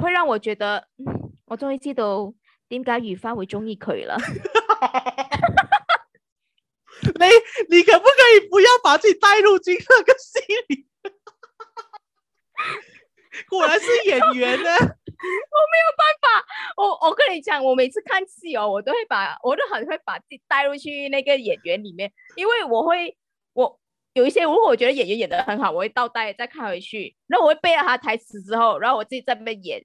會讓我覺得我終於知道點解如花會中意佢啦，你你可不可以不要把自己帶入進那個戲裏？ 果然是演員呢、啊， 我沒有辦法。我我跟你講，我每次看戲哦，我都會把我都很會把自己帶入去那個演員裏面，因為我會我有一些如果我覺得演員演得很好，我會倒帶再看回去，然後我會背了他台詞之後，然後我自己在那邊演。